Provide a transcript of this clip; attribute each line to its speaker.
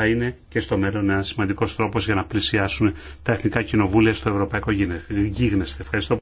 Speaker 1: θα είναι και στο μέλλον ένα σημαντικό τρόπο για να πλησιάσουν τα εθνικά κοινοβούλια στο ευρωπαϊκό γίγνεσθε. Ευχαριστώ.